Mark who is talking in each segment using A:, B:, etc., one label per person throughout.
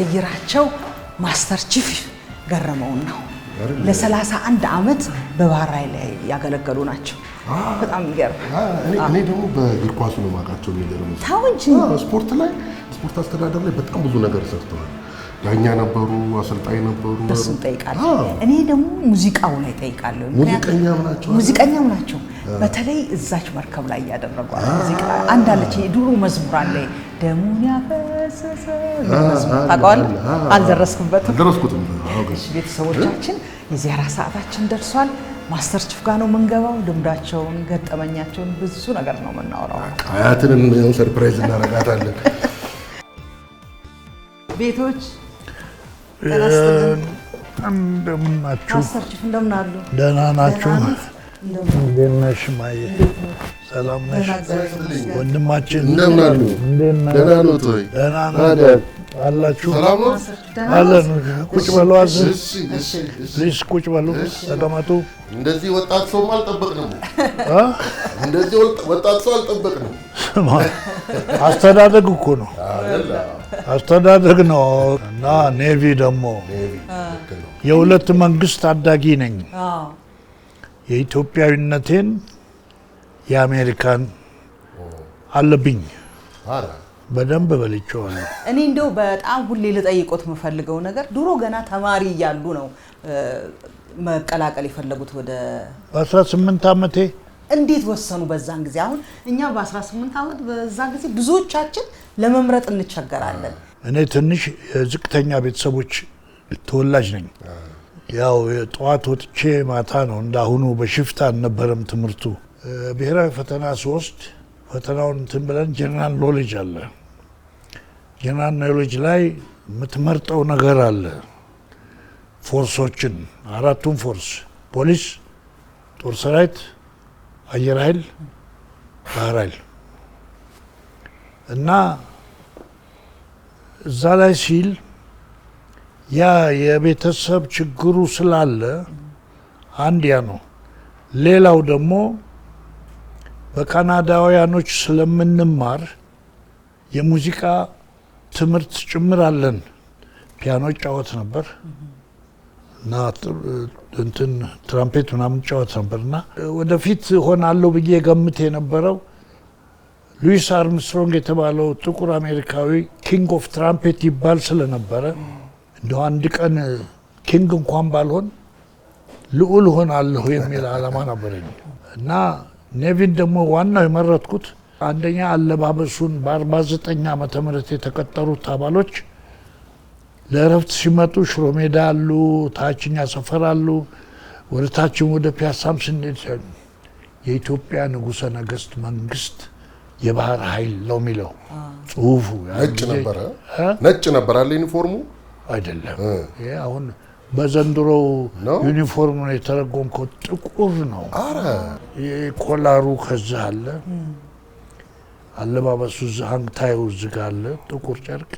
A: የምንዘይራቸው ማስተር ቺፍ ገረመውን ነው። ለሰላሳ አንድ ዓመት በባህር ኃይል ላይ ያገለገሉ ናቸው። በጣም ይገርም። እኔ
B: ደግሞ በእግር ኳሱ ነው የማውቃቸው። የሚገርም
A: ተው እንጂ ስፖርት ላይ ስፖርት
B: አስተዳደር ላይ በጣም ብዙ ነገር ሰርተዋል። ዳኛ ነበሩ፣ አሰልጣኝ ነበሩ። እሱ እጠይቃለሁ።
A: እኔ ደግሞ ሙዚቃው ላይ እጠይቃለሁ። ሙዚቀኛም ናቸው፣ ሙዚቀኛም ናቸው። በተለይ እዛች መርከብ ላይ እያደረጓል ሙዚቃ አንዳለች። የድሮ መዝሙር አለ ደሙን ያፈሰሰ ታውቀዋለህ። አልደረስኩበትም። ቤተሰቦቻችን የዚያራ ሰዓታችን ደርሷል። ማስተር ቺፍ ጋር ነው የምንገባው። ልምዳቸውን፣ ገጠመኛቸውን ብዙ ነገር ነው የምናወራው። አያትንም
B: ሰርፕራይዝ እናደርጋታለን።
A: ቤቶች እንደምን ማስተር ቺፍ እንደምን ደህና ናችሁ?
C: እንዴት ነሽ ማየ? ሰላም ነሽ? ወንድማችን እንደምን አሉ? ደህና ነዎት ወይ? ደህና ነን አላችሁ? አለን። ቁጭ በሉ። ፕሊስ ቁጭ በሉ፣ ተቀመጡ።
B: እንደዚህ ወጣት ሰው አልጠበቅንም። እንደዚህ ወጣት ሰው አልጠበቅንም። አስተዳደግ እኮ
C: ነው አስተዳደግ ነው እና ኔቪ ደግሞ የሁለት መንግስት ታዳጊ ነኝ የኢትዮጵያዊነቴን የአሜሪካን አለብኝ በደንብ በልቼዋለሁ።
A: እኔ እንደው በጣም ሁሌ ልጠይቆት የምፈልገው ነገር ድሮ ገና ተማሪ እያሉ ነው መቀላቀል የፈለጉት ወደ
C: በ18 ዓመቴ
A: እንዴት ወሰኑ? በዛን ጊዜ አሁን እኛ በ18 ዓመት በዛ ጊዜ ብዙዎቻችን ለመምረጥ እንቸገራለን።
C: እኔ ትንሽ የዝቅተኛ ቤተሰቦች ተወላጅ ነኝ። ያው የጠዋት ወጥቼ ማታ ነው እንዳሁኑ በሽፍት አልነበረም ትምህርቱ። ብሔራዊ ፈተና ስወስድ ፈተናውን እንትን ብለን ጀነራል ኖሌጅ አለ። ጀነራል ኖሌጅ ላይ የምትመርጠው ነገር አለ። ፎርሶችን አራቱን ፎርስ ፖሊስ፣ ጦር ሰራዊት፣ አየር ኃይል፣ ባህር ኃይል እና እዛ ላይ ሲል ያ የቤተሰብ ችግሩ ስላለ አንድ ያ ነው። ሌላው ደግሞ በካናዳውያኖች ስለምንማር የሙዚቃ ትምህርት ጭምር አለን። ፒያኖ ጫወት ነበር እና እንትን ትራምፔት ምናምን ጫወት ነበር እና ወደፊት ሆናለሁ ብዬ ገምት የነበረው ሉዊስ አርምስትሮንግ የተባለው ጥቁር አሜሪካዊ ኪንግ ኦፍ ትራምፔት ይባል ስለነበረ እንደ አንድ ቀን ኪንግ እንኳን ባልሆን ልዑል ሆናለሁ የሚል አላማ ነበረኝ እና ኔቪን ደግሞ ዋናው የመረጥኩት አንደኛ አለባበሱን በ49 ዓመተ ምህረት የተቀጠሩት አባሎች ለእረፍት ሲመጡ ሽሮ ሜዳ አሉ፣ ታችኛ ሰፈር አሉ፣ ወደ ታችን ወደ ፒያሳም ስንሄድ የኢትዮጵያ ንጉሠ ነገሥት መንግስት የባህር ኃይል ነው የሚለው ጽሁፉ ነጭ ነበረ ነጭ ነበራል
B: ዩኒፎርሙ አይደለም።
C: ይሄ አሁን በዘንድሮ ዩኒፎርም ነው የተረጎምከው። ጥቁር ነው የኮላሩ ከዛ አለ አለባበሱ፣ ሀንግታዩ እዚህ አለ ጥቁር ጨርቅ።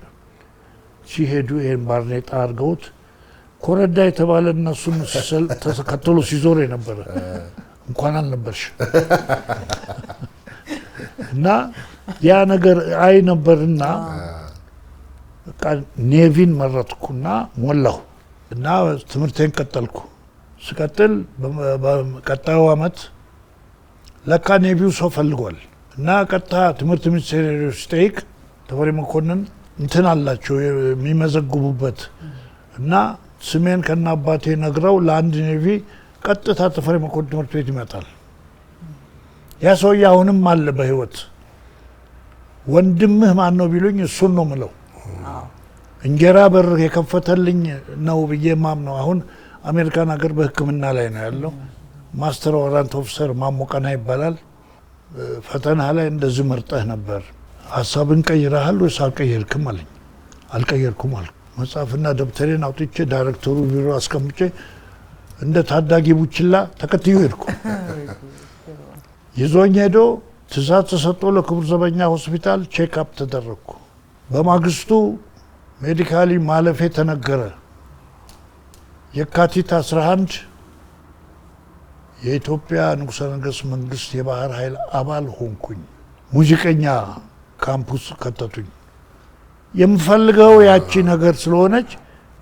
C: ሲሄዱ ይሄን ባርኔጣ አድርገውት ኮረዳ የተባለ እነሱን ተከትሎ ሲዞር የነበረ እንኳን አልነበርሽ እና ያ ነገር አይ ነበርና በቃ ኔቪን መረጥኩና ሞላሁ እና ትምህርቴን ቀጠልኩ። ስቀጥል በቀጣዩ አመት ለካ ኔቪው ሰው ፈልጓል እና ቀጥታ ትምህርት ሚኒስቴር ስጠይቅ ተፈሪ መኮንን እንትን አላቸው የሚመዘግቡበት እና ስሜን ከና አባቴ ነግረው ለአንድ ኔቪ ቀጥታ ተፈሪ መኮንን ትምህርት ቤት ይመጣል። ያ ሰውዬ አሁንም አለ በህይወት። ወንድምህ ማን ነው ቢሉኝ እሱን ነው ምለው እንጀራ በር የከፈተልኝ ነው ብዬ ማም ነው። አሁን አሜሪካን ሀገር በሕክምና ላይ ነው ያለው። ማስተር ወራንት ኦፊሰር ማሞቀና ይባላል። ፈተና ላይ እንደዚህ መርጠህ ነበር ሀሳብን ቀይረሃል ወይስ አልቀየርክም አለኝ። አልቀየርኩም አልኩ። መጽሐፍና ደብተሬን አውጥቼ ዳይሬክተሩ ቢሮ አስቀምጬ እንደ ታዳጊ ቡችላ ተከትዮ ሄድኩ። ይዞኝ ሄዶ ትእዛዝ ተሰጥቶ ለክቡር ዘበኛ ሆስፒታል ቼክ አፕ ተደረግኩ። በማግስቱ ሜዲካሊ ማለፌ ተነገረ። የካቲት 11 የኢትዮጵያ ንጉሠ ነገሥት መንግስት የባህር ኃይል አባል ሆንኩኝ። ሙዚቀኛ ካምፑስ ከተቱኝ። የምፈልገው ያቺ ነገር ስለሆነች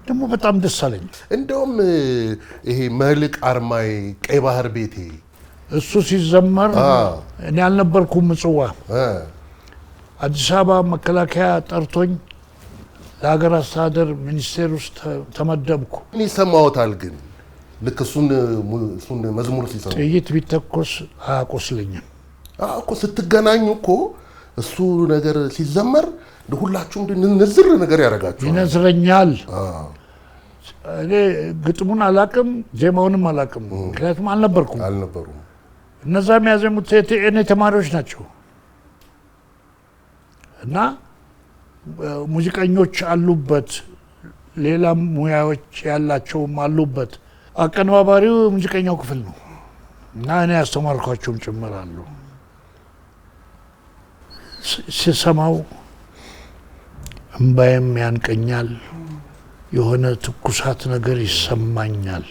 C: ደግሞ
B: በጣም ደስ አለኝ። እንደውም ይሄ መልቅ አርማይ፣ ቀይ ባህር ቤቴ እሱ ሲዘመር
C: እኔ አልነበርኩም ምጽዋ አዲስ አበባ መከላከያ ጠርቶኝ ለሀገር አስተዳደር ሚኒስቴር ውስጥ ተመደብኩ።
B: እኔ ይሰማዎታል ግን ልክ እሱን መዝሙር ሲሰማ ጥይት ቢተኮስ አያቆስለኝም እኮ ስትገናኙ እኮ እሱ ነገር ሲዘመር ሁላችሁም ንዝር ነገር ያደርጋችሁ ይነዝረኛል። እኔ ግጥሙን አላቅም፣
C: ዜማውንም አላቅም። ምክንያቱም አልነበርኩም። እነዛ የሚያዘሙት የእኔ ተማሪዎች ናቸው። እና ሙዚቀኞች አሉበት፣ ሌላ ሙያዎች ያላቸውም አሉበት። አቀነባባሪው የሙዚቀኛው ክፍል ነው እና እኔ ያስተማርኳቸውም ጭምር አሉ። ሲሰማው እምባዬም ያንቀኛል፣ የሆነ ትኩሳት ነገር ይሰማኛል።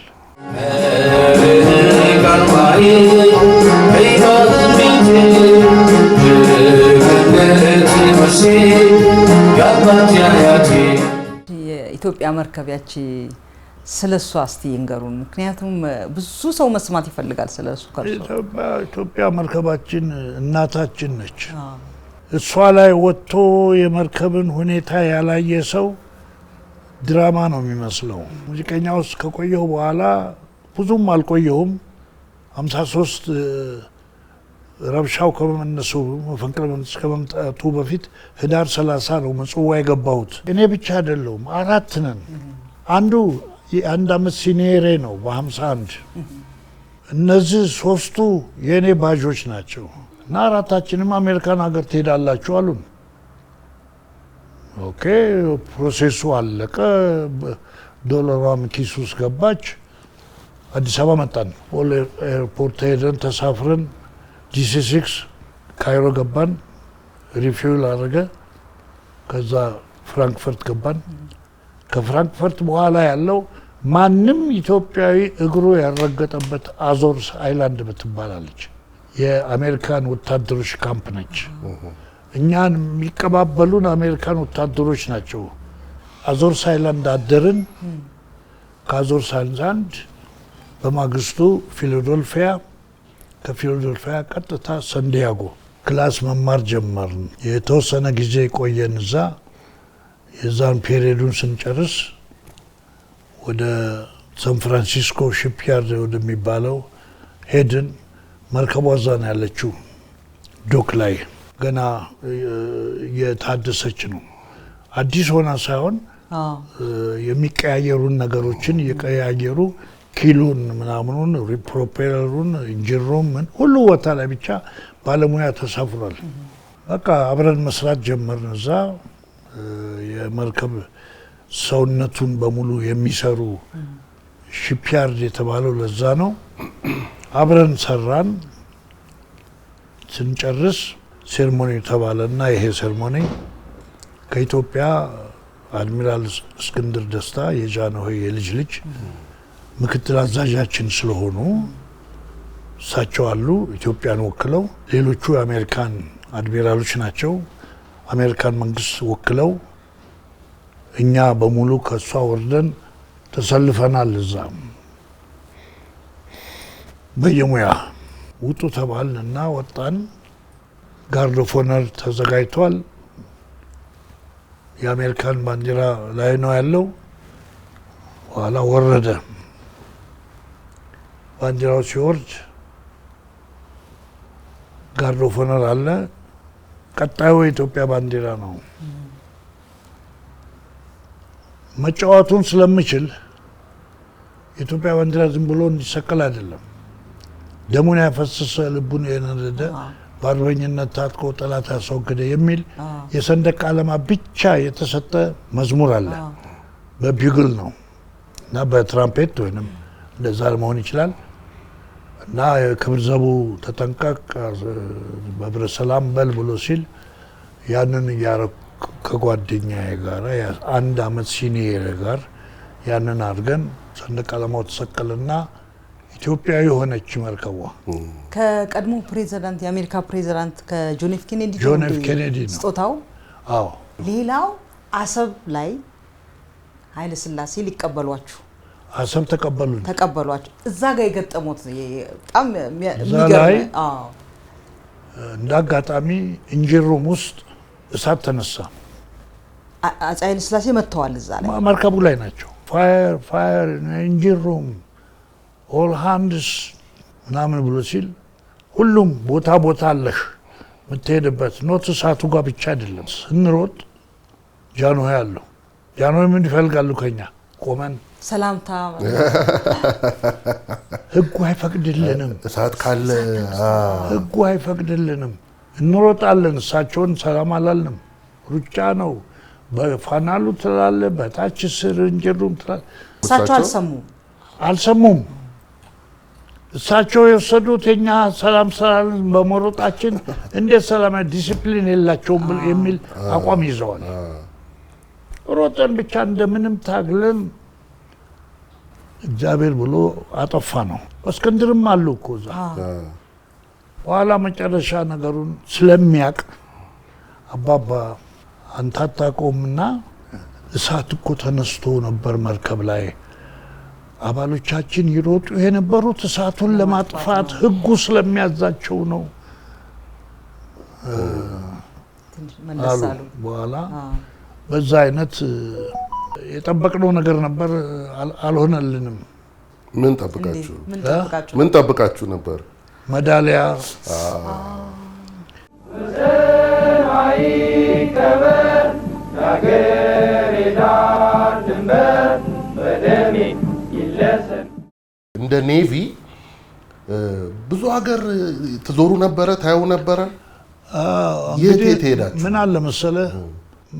A: የኢትዮጵያ መርከብ ያቺ ስለ እሷ እስቲ ይንገሩን። ምክንያቱም ብዙ ሰው መስማት ይፈልጋል ስለ እሱ።
C: ኢትዮጵያ መርከባችን እናታችን ነች። እሷ ላይ ወጥቶ የመርከብን ሁኔታ ያላየ ሰው ድራማ ነው የሚመስለው። ሙዚቀኛ ውስጥ ከቆየሁ በኋላ ብዙም አልቆየሁም 53 ረብሻው ከመነሱ መፈንቅለ መንግስት ከመምጣቱ በፊት ህዳር 30 ነው ምጽዋ የገባሁት። እኔ ብቻ አይደለሁም፣ አራት ነን። አንዱ የአንድ አመት ሲኒየሬ ነው በ51። እነዚህ ሶስቱ የእኔ ባዦች ናቸው። እና አራታችንም አሜሪካን ሀገር ትሄዳላችሁ አሉን። ኦኬ ፕሮሴሱ አለቀ። ዶላሯም ኪስ ውስጥ ገባች። አዲስ አበባ መጣን። ኤርፖርት ሄደን ተሳፍረን ጂሲ ሲክስ ካይሮ ገባን፣ ሪፊውል አደረገ። ከዛ ፍራንክፈርት ገባን። ከፍራንክፈርት በኋላ ያለው ማንም ኢትዮጵያዊ እግሩ ያረገጠበት አዞርስ አይላንድ ብትባላለች የአሜሪካን ወታደሮች ካምፕ ነች። እኛን የሚቀባበሉን አሜሪካን ወታደሮች ናቸው። አዞርስ አይላንድ አደርን። ከአዞርስ አይላንድ በማግስቱ ፊላዶልፊያ ከፊላደልፊያ ቀጥታ ሰንዲያጎ ክላስ መማር ጀመርን። የተወሰነ ጊዜ ቆየን እዛ። የዛን ፔሪዱን ስንጨርስ ወደ ሳን ፍራንሲስኮ ሺፕያርድ ወደሚባለው ሄድን። መርከቧ እዛ ነው ያለችው፣ ዶክ ላይ ገና የታደሰች ነው። አዲስ ሆና ሳይሆን የሚቀያየሩን ነገሮችን እየቀያየሩ ኪሉን ምናምኑን ፕሮፔለሩን እንጅሮም ምን ሁሉ ቦታ ላይ ብቻ ባለሙያ ተሳፍሯል። በቃ አብረን መስራት ጀመርን። እዛ የመርከብ ሰውነቱን በሙሉ የሚሰሩ ሺፕያርድ የተባለው ለዛ ነው። አብረን ሰራን። ስንጨርስ ሴርሞኒ ተባለ እና ይሄ ሴርሞኒ ከኢትዮጵያ አድሚራል እስክንድር ደስታ የጃንሆይ የልጅ ልጅ ምክትል አዛዣችን ስለሆኑ እሳቸው አሉ። ኢትዮጵያን ወክለው ሌሎቹ የአሜሪካን አድሚራሎች ናቸው። አሜሪካን መንግስት ወክለው እኛ በሙሉ ከእሷ ወርደን ተሰልፈናል። እዛም በየሙያ ውጡ ተባል እና ወጣን። ጋርድ ኦፍ ኦነር ተዘጋጅቷል። የአሜሪካን ባንዲራ ላይ ነው ያለው። ኋላ ወረደ። ባንዲራው ሲወርድ ጋርዶ ፎነር አለ። ቀጣዩ የኢትዮጵያ ባንዲራ ነው። መጫወቱን ስለምችል የኢትዮጵያ ባንዲራ ዝም ብሎ እንዲሰቀል አይደለም። ደሙን ያፈሰሰ ልቡን የነደደ በአርበኝነት ታጥቆ ጠላት ያስወገደ የሚል የሰንደቅ ዓላማ ብቻ የተሰጠ መዝሙር አለ። በቢግል ነው እና በትራምፔት ወይም እንደዛ መሆን ይችላል። እና የክብር ዘቡ ተጠንቀቅ በብረ ሰላም በል ብሎ ሲል ያንን እያረኩ ከጓደኛዬ ጋር አንድ አመት ሲኒየር ጋር ያንን አድርገን ሰንደቅ ዓላማው ተሰቀልና ኢትዮጵያ የሆነች መርከቧ
A: ከቀድሞ ፕሬዚዳንት የአሜሪካ ፕሬዚዳንት ከጆን ኤፍ ኬኔዲ ጆን ኤፍ ኬኔዲ ነው ስጦታው። አዎ ሌላው አሰብ ላይ ኃይለ ስላሴ ሊቀበሏችሁ
C: ሀሳብ ተቀበሉ
A: ተቀበሏቸው። እዛ ጋር የገጠሙት በጣም የሚገርም
C: እንደ አጋጣሚ እንጀሮም ውስጥ እሳት ተነሳ።
A: አፄ ኃይለ ሥላሴ መጥተዋል። እዛ ላይ
C: መርከቡ ላይ ናቸው። ፋየር ፋየር እንጀሮም ኦል ሃንድስ ምናምን ብሎ ሲል ሁሉም ቦታ ቦታ አለሽ የምትሄድበት ኖት እሳቱ ጋር ብቻ አይደለም። ስንሮጥ ጃንሆይ አለሁ። ጃንሆይ ምን ይፈልጋሉ ከኛ ቆመን ሰላምታ ህጉ አይፈቅድልንም። እሳት ካለ ህጉ አይፈቅድልንም። እንሮጣለን። እሳቸውን ሰላም አላልንም። ሩጫ ነው። በፋናሉ ትላለ፣ በታች ስር እንጀሩም ትላለ። እሳቸው አልሰሙም አልሰሙም። እሳቸው የወሰዱት የኛ ሰላም ስላለን በመሮጣችን እንዴት ሰላም ዲሲፕሊን የላቸውም የሚል አቋም ይዘዋል። ሮጠን ብቻ እንደምንም ታግለን እግዚአብሔር ብሎ አጠፋ ነው። እስክንድርም አሉ እኮ እዛ። በኋላ መጨረሻ ነገሩን ስለሚያውቅ አባባ አንተ አታውቀውምና እሳት እኮ ተነስቶ ነበር መርከብ ላይ አባሎቻችን ይሮጡ የነበሩት እሳቱን ለማጥፋት ህጉ ስለሚያዛቸው ነው አሉ በኋላ በዛ አይነት የጠበቅነው ነገር ነበር፣ አልሆነልንም።
B: ምን ጠብቃችሁ ምን ጠብቃችሁ ነበር? መዳሊያ እንደ ኔቪ ብዙ ሀገር ትዞሩ ነበረ፣ ታየው ነበረ። የት የት ሄዳችሁ? ምን አለ መሰለህ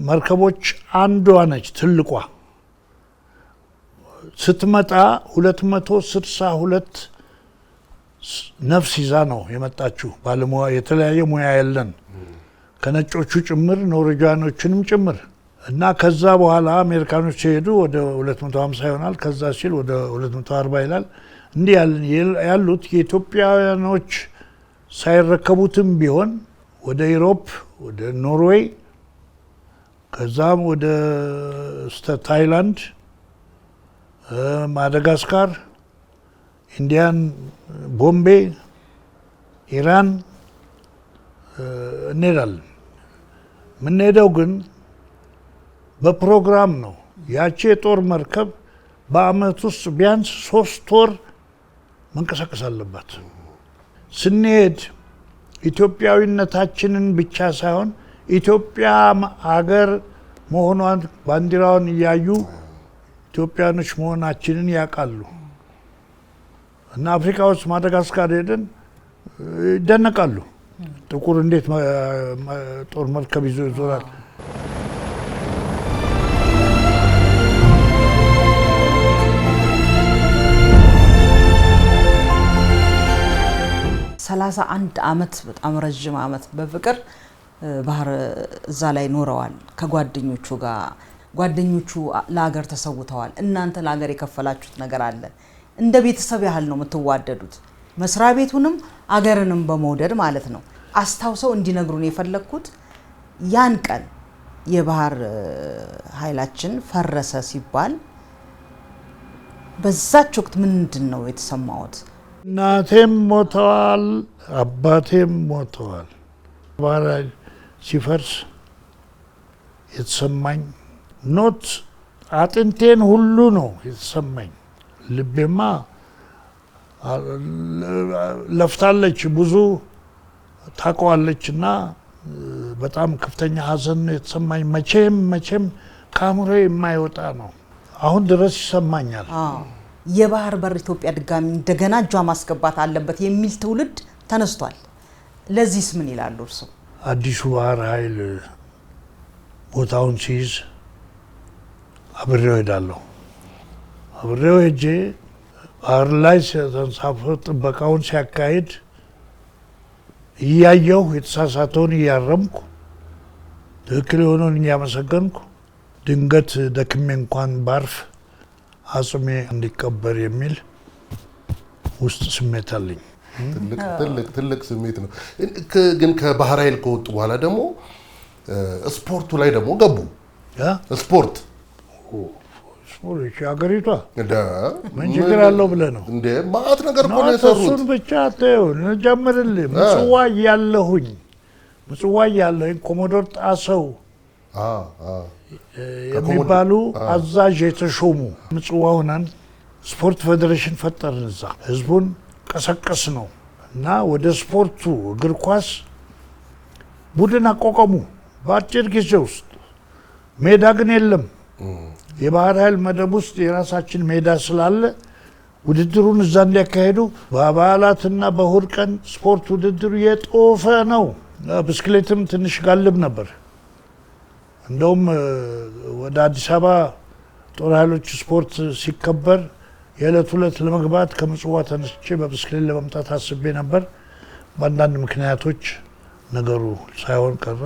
B: መርከቦች
C: አንዷ ነች ትልቋ ስትመጣ 262 ነፍስ ይዛ ነው የመጣችው ባለሙያ የተለያየ ሙያ ያለን ከነጮቹ ጭምር ኖርዌጂያኖችንም ጭምር እና ከዛ በኋላ አሜሪካኖች ሲሄዱ ወደ 250 ይሆናል። ከዛ ሲል ወደ 240 ይላል። እንዲህ ያሉት የኢትዮጵያውያኖች ሳይረከቡትም ቢሆን ወደ ኢሮፕ ወደ ኖርዌይ ከዛም ወደ እስተ ታይላንድ፣ ማደጋስካር፣ ኢንዲያን፣ ቦምቤ፣ ኢራን እንሄዳለን። የምንሄደው ግን በፕሮግራም ነው። ያቺ የጦር መርከብ በአመት ውስጥ ቢያንስ ሶስት ወር መንቀሳቀስ አለባት። ስንሄድ ኢትዮጵያዊነታችንን ብቻ ሳይሆን ኢትዮጵያ አገር መሆኗን ባንዲራውን እያዩ ኢትዮጵያኖች መሆናችንን ያውቃሉ እና አፍሪካ ውስጥ ማደጋስካር ሄደን ይደነቃሉ። ጥቁር እንዴት ጦር መርከብ ይዞ ይዞራል?
A: ሰላሳ አንድ አመት በጣም ረዥም አመት በፍቅር ባህር እዛ ላይ ኖረዋል ከጓደኞቹ ጋር ጓደኞቹ ለሀገር ተሰውተዋል። እናንተ ለሀገር የከፈላችሁት ነገር አለ። እንደ ቤተሰብ ያህል ነው የምትዋደዱት፣ መስሪያ ቤቱንም አገርንም በመውደድ ማለት ነው። አስታውሰው እንዲነግሩን የፈለግኩት ያን ቀን የባህር ኃይላችን ፈረሰ ሲባል በዛች ወቅት ምንድን ነው የተሰማዎት? እናቴም ሞተዋል፣ አባቴም ሞተዋል።
C: ባህር ሲፈርስ የተሰማኝ ኖት አጥንቴን ሁሉ ነው የተሰማኝ። ልቤማ ለፍታለች ብዙ ታውቀዋለች እና በጣም ከፍተኛ ሐዘን ነው የተሰማኝ። መቼም መቼም
A: ከአእምሮ የማይወጣ ነው፣ አሁን ድረስ ይሰማኛል። የባህር በር ኢትዮጵያ ድጋሚ እንደገና እጇ ማስገባት አለበት የሚል ትውልድ ተነስቷል። ለዚህስ ምን ይላሉ እርስዎ?
C: አዲሱ ባህር ኃይል ቦታውን ሲይዝ አብሬው ሄዳለሁ። አብሬው ሄጄ ባህር ላይ ተንሳፎ ጥበቃውን ሲያካሂድ እያየሁ የተሳሳተውን እያረምኩ ትክክል የሆነውን እያመሰገንኩ ድንገት ደክሜ እንኳን ባርፍ አጽሜ እንዲቀበር የሚል
B: ውስጥ ስሜት አለኝ። ትልቅ ስሜት ነው። ግን ከባህር ኃይል ከወጡ በኋላ ደግሞ ስፖርቱ ላይ ደግሞ ገቡ። ስፖርት ሀገሪቷ ምን ችግር አለው ብለህ ነው እንደ ማዕት ነገር እኮ ነው የሰሩት። እሱን
C: ብቻ ተይው እንጀምርልህ። ምጽዋ ያለሁኝ ምጽዋ ያለሁኝ ኮሞዶር ጣሰው የሚባሉ አዛዥ የተሾሙ ምጽዋውናን ስፖርት ፌዴሬሽን ፈጠርን። እዛ ህዝቡን ቀሰቀስ ነው እና ወደ ስፖርቱ እግር ኳስ ቡድን አቋቋሙ በአጭር ጊዜ ውስጥ። ሜዳ ግን የለም። የባህር ኃይል መደብ ውስጥ የራሳችን ሜዳ ስላለ ውድድሩን እዛ እንዲያካሄዱ በአባላትና በእሁድ ቀን ስፖርት ውድድሩ የጦፈ ነው። ብስክሌትም ትንሽ ጋልብ ነበር። እንደውም ወደ አዲስ አበባ ጦር ኃይሎች ስፖርት ሲከበር የዕለት ሁለት ለመግባት ከምጽዋ ተነስቼ በብስክሌት ለመምጣት አስቤ ነበር። በአንዳንድ ምክንያቶች ነገሩ ሳይሆን ቀረ።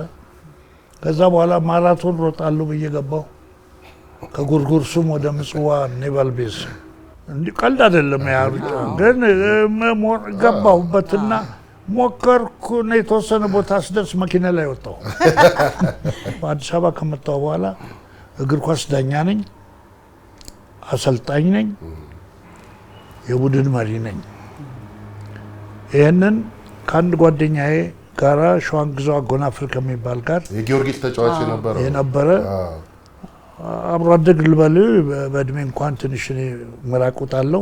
C: ከዛ በኋላ ማራቶን ሮጣለሁ ብዬ ገባሁ። ከጉርጉር ሱም ወደ ምጽዋ ኔቫል ቤዝ እንዲህ ቀልድ አይደለም። ያ ሩጫ ግን ገባሁበትና ሞከርኩ። የተወሰነ ቦታ ስደርስ መኪና ላይ ወጣሁ። በአዲስ አበባ ከመጣሁ በኋላ እግር ኳስ ዳኛ ነኝ፣ አሰልጣኝ ነኝ። የቡድን መሪ ነኝ። ይህንን ከአንድ ጓደኛዬ ጋራ ሸዋን ግዞ አጎናፍር ከሚባል ጋር የጊዮርጊስ ተጫዋች የነበረ አብሮ አደግ ልበል በእድሜ እንኳን ትንሽ መራቁት አለው።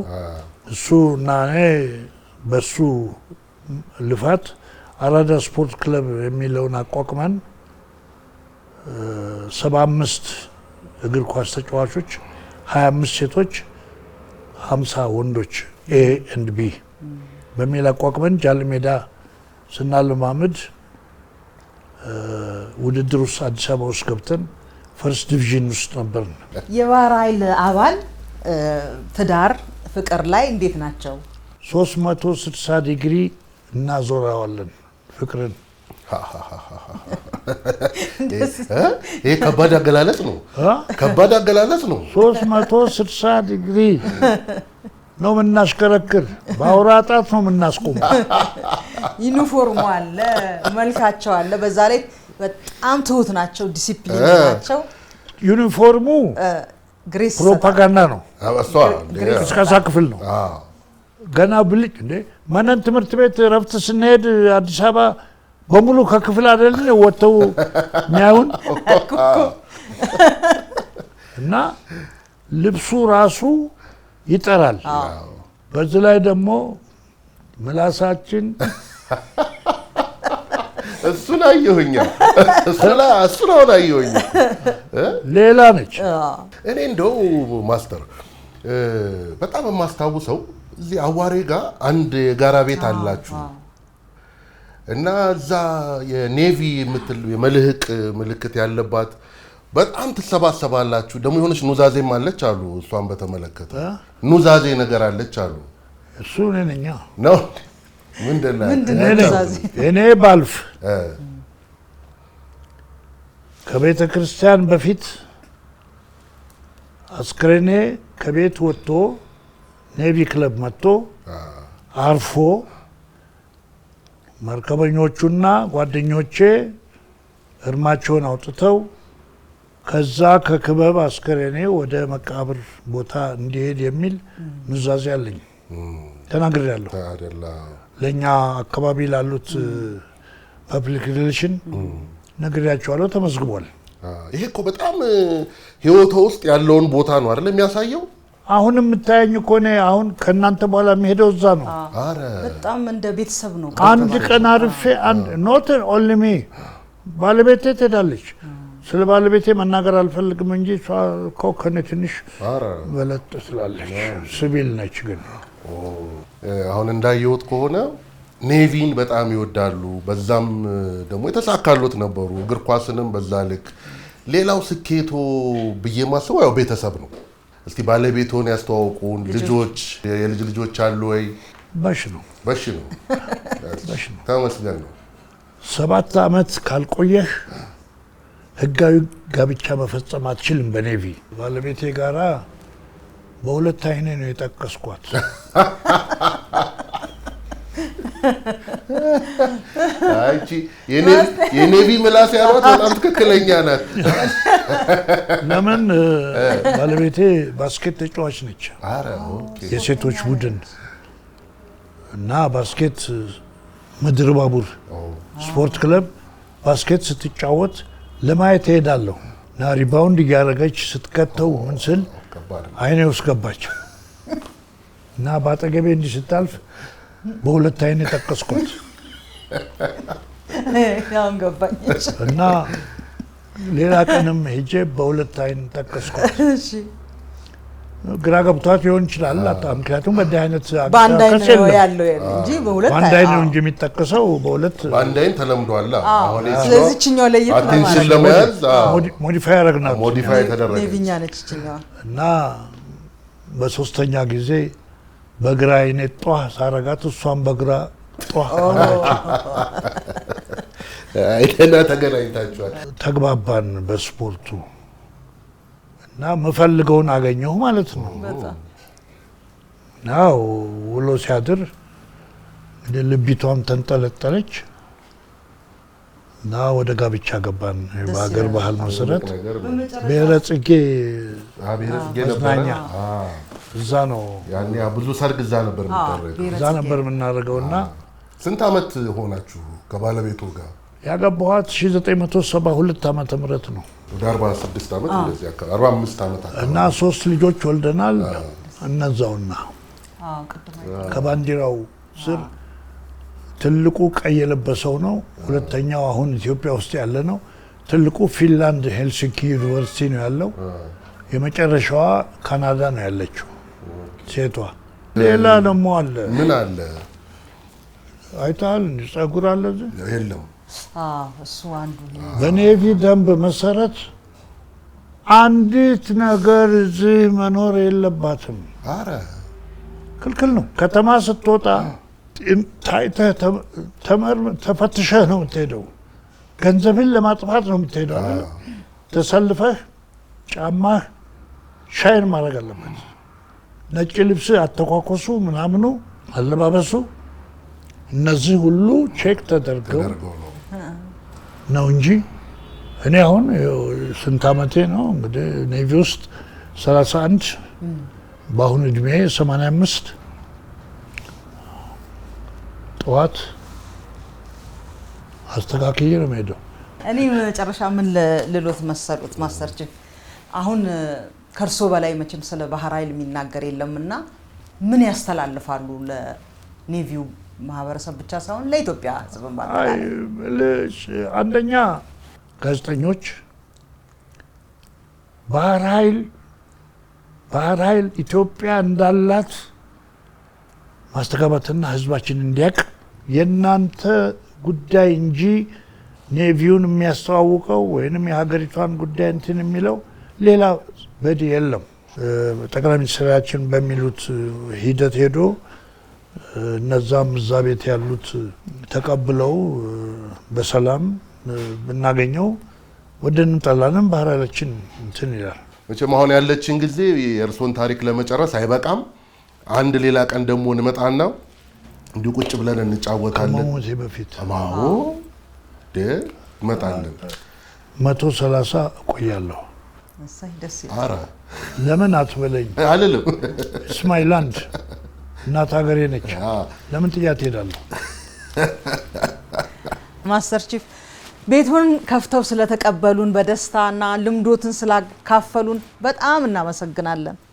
C: እሱ እና እኔ በሱ ልፋት አራዳ ስፖርት ክለብ የሚለውን አቋቁመን ሰባ አምስት እግር ኳስ ተጫዋቾች ሀያ አምስት ሴቶች ሀምሳ ወንዶች ኤ ኤንድ ቢ በሚል አቋቁመን ጃል ሜዳ ስናለማምድ ውድድር ውስጥ አዲስ አበባ ውስጥ ገብተን ፈርስት ዲቪዥን ውስጥ ነበር።
A: የባህር ኃይል አባል ትዳር፣ ፍቅር ላይ እንዴት ናቸው?
C: 360 ዲግሪ እናዞራዋለን ፍቅርን
A: ይሄ ከባድ አገላለጽ ነው።
C: ከባድ አገላለጽ ነው። ሶስት መቶ ስልሳ ዲግሪ ነው የምናሽከረክር። በአውራ ጣት ነው የምናስቆመው።
A: ዩኒፎርሙ አለ፣ መልካቸው አለ። በዛ ላይ በጣም ትሁት ናቸው፣ ዲሲፕሊን ናቸው። ዩኒፎርሙ
C: ፕሮፓጋንዳ ነው፣ ቅስቀሳ ክፍል ነው። ገና ብልጭ እንደ መነን ትምህርት ቤት እረፍት ስንሄድ አዲስ አበባ በሙሉ ከክፍል አደለ ወጥተው የሚያዩን እና ልብሱ ራሱ ይጠራል። በዚህ ላይ ደግሞ ምላሳችን
B: እሱ ላይ ይሁኛ እሱ ላይ እሱ ላይ ይሁኛ ሌላ ነች። እኔ እንደው ማስተር በጣም የማስታውሰው እዚህ አዋሬ ጋር አንድ የጋራ ቤት አላችሁ እና እዛ የኔቪ የምትል የመልህቅ ምልክት ያለባት በጣም ትሰባሰባላችሁ። ደግሞ የሆነች ኑዛዜም አለች አሉ። እሷን በተመለከተ ኑዛዜ ነገር አለች አሉ።
C: እሱ ነኛ
B: ነው እኔ ባልፍ
C: ከቤተ ክርስቲያን በፊት አስክሬኔ ከቤት ወጥቶ ኔቪ ክለብ መጥቶ አርፎ መርከበኞቹና ጓደኞቼ እርማቸውን አውጥተው ከዛ ከክበብ አስከሬኔ ወደ መቃብር ቦታ እንዲሄድ የሚል ኑዛዜ አለኝ። ተናግሬያለሁ። ለእኛ አካባቢ ላሉት ፐብሊክ ሪሌሽን ነግሬያቸዋለሁ። ተመዝግቧል።
B: ይሄ እኮ በጣም ህይወቶ ውስጥ ያለውን ቦታ ነው አይደለ የሚያሳየው።
C: አሁን የምታያኝ ከሆነ አሁን ከእናንተ በኋላ የሚሄደው እዛ ነው።
A: በጣም እንደ ቤተሰብ ነው። አንድ ቀን አርፌ
C: ኖት ኦንሊ ሚ ባለቤቴ ትሄዳለች። ስለ ባለቤቴ መናገር አልፈልግም እንጂ እሷ
B: እኮ ከእኔ ትንሽ በለጥ ስላለች ስቢል ነች። ግን አሁን እንዳየሁት ከሆነ ኔቪን በጣም ይወዳሉ። በዛም ደግሞ የተሳካሉት ነበሩ። እግር ኳስንም በዛ ልክ። ሌላው ስኬቶ ብዬ ማስበው ያው ቤተሰብ ነው እስቲ ባለቤትዎን ያስተዋውቁን። ልጆች የልጅ ልጆች አሉ ወይ? በሽ ነው በሽ ነው በሽ ነው። ተመስገን ነው።
C: ሰባት ዓመት ካልቆየህ ህጋዊ ጋብቻ መፈጸም አትችልም በኔቪ። ባለቤቴ ጋራ በሁለት አይኔ ነው የጠቀስኳት።
B: አንቺ የኔቢ ምላስ ያሏት በጣም ትክክለኛ ናት። ለምን
C: ባለቤቴ ባስኬት ተጫዋች ነች፣ የሴቶች ቡድን እና ባስኬት ምድር ባቡር ስፖርት ክለብ ባስኬት ስትጫወት ለማየት እሄዳለሁ እና ሪባውንድ እያደረገች ስትከተው ምን ስል አይኔ ውስጥ ገባች እና በአጠገቤ እንዲህ ስታልፍ በሁለት አይን የጠቀስኩት አሁን ገባኝ። እና
A: ሌላ ቀንም
C: ሄጄ በሁለት አይን ጠቀስኩት። ግራ ገብቷት ሊሆን ይችላል። ምክንያቱም በዚህ አይነት በአንድ አይን ነው ያለው እንጂ በሁለት በአንድ ነው እንጂ የሚጠቀሰው በሁለት በአንድ አይን ተለምዷል።
A: አሁን ስለዚህ ይችኛው ለየት አቴንሽን ለመያዝ
C: ሞዲፋይ አደረግናት። ሞዲፋይ ተደረገ እና በሶስተኛ ጊዜ በግራ አይኔ ጧ ሳረጋት እሷን በግራ
A: ጧ
B: ተገናኝታችኋል።
C: ተግባባን በስፖርቱ እና ምፈልገውን አገኘሁ ማለት ነው። እና ውሎ ሲያድር እንግዲህ ልቢቷም ተንጠለጠለች
B: እና ወደ ጋብቻ ገባን። በሀገር ባህል መሰረት
A: ብሔረ
C: ጽጌ
B: መዝናኛ እዛ ነው ያኔ ብዙ ሰርግ እዛ ነበር የሚደረገው፣ እዛ ነበር የምናደርገው። እና ስንት አመት ሆናችሁ ከባለቤቱ ጋር?
C: ያገባኋት 1972 ዓመተ ምህረት ነው።
B: ወደ 46 ዓመት እንደዚህ አካባቢ 45 ዓመት
C: አካባቢ እና ሶስት ልጆች ወልደናል። እነዛውና ከባንዲራው ስር ትልቁ ቀይ የለበሰው ነው። ሁለተኛው አሁን ኢትዮጵያ ውስጥ ያለ ነው። ትልቁ ፊንላንድ ሄልሲንኪ ዩኒቨርሲቲ ነው ያለው። የመጨረሻዋ ካናዳ ነው ያለችው። ሴቷ። ሌላ ደግሞ አለ። ምን አለ አይተሃል? ጸጉር አለ የለው። እሱ አንዱ በእኔ ደንብ መሰረት አንዲት ነገር እዚህ መኖር የለባትም። አረ ክልክል ነው። ከተማ ስትወጣ ታይተህ ተፈትሸህ ነው የምትሄደው። ገንዘብን ለማጥፋት ነው የምትሄደው። ተሰልፈህ ጫማህ ሻይን ማድረግ አለበት። ነጭ ልብስ አተኳኮሱ፣ ምናምኑ፣ አለባበሱ እነዚህ ሁሉ ቼክ ተደርገው ነው እንጂ እኔ አሁን ስንት ዓመቴ ነው እንግዲህ ኔቪ ውስጥ 31 በአሁኑ እድሜ 85 ጠዋት አስተካክዬ ነው የምሄደው።
A: እኔ መጨረሻ ምን ልሎት መሰሉት ማስተር አሁን ከእርሶ በላይ መቼም ስለ ባህር ኃይል የሚናገር የለምና ምን ያስተላልፋሉ ለኔቪው ማህበረሰብ ብቻ ሳይሆን ለኢትዮጵያ ሕዝብ
C: አንደኛ ጋዜጠኞች ባህር ኃይል ባህር ኃይል ኢትዮጵያ እንዳላት ማስተጋባትና ሕዝባችን እንዲያውቅ የእናንተ ጉዳይ እንጂ ኔቪውን የሚያስተዋውቀው ወይንም የሀገሪቷን ጉዳይ እንትን የሚለው ሌላ መድ የለም ጠቅላይ ሚኒስትራችን በሚሉት ሂደት ሄዶ እነዛም እዛ ቤት ያሉት ተቀብለው በሰላም ብናገኘው ወደንም ጠላንም ባህላችን እንትን ይላል።
B: መቼም አሁን ያለችን ጊዜ የእርሶን ታሪክ ለመጨረስ አይበቃም። አንድ ሌላ ቀን ደግሞ እንመጣና እንዲሁ ቁጭ ብለን እንጫወታለን። በፊት እመጣለን። መቶ ሰላሳ እቆያለሁ።
C: ለምን አትበለኝ አልልም። ስማይላንድ እናት ሀገሬ ነች። ለምን ጥያት ሄዳለሁ?
A: ማስተር ቺፍ ቤቱን ከፍተው ስለተቀበሉን በደስታና ልምዶትን ስላካፈሉን በጣም እናመሰግናለን።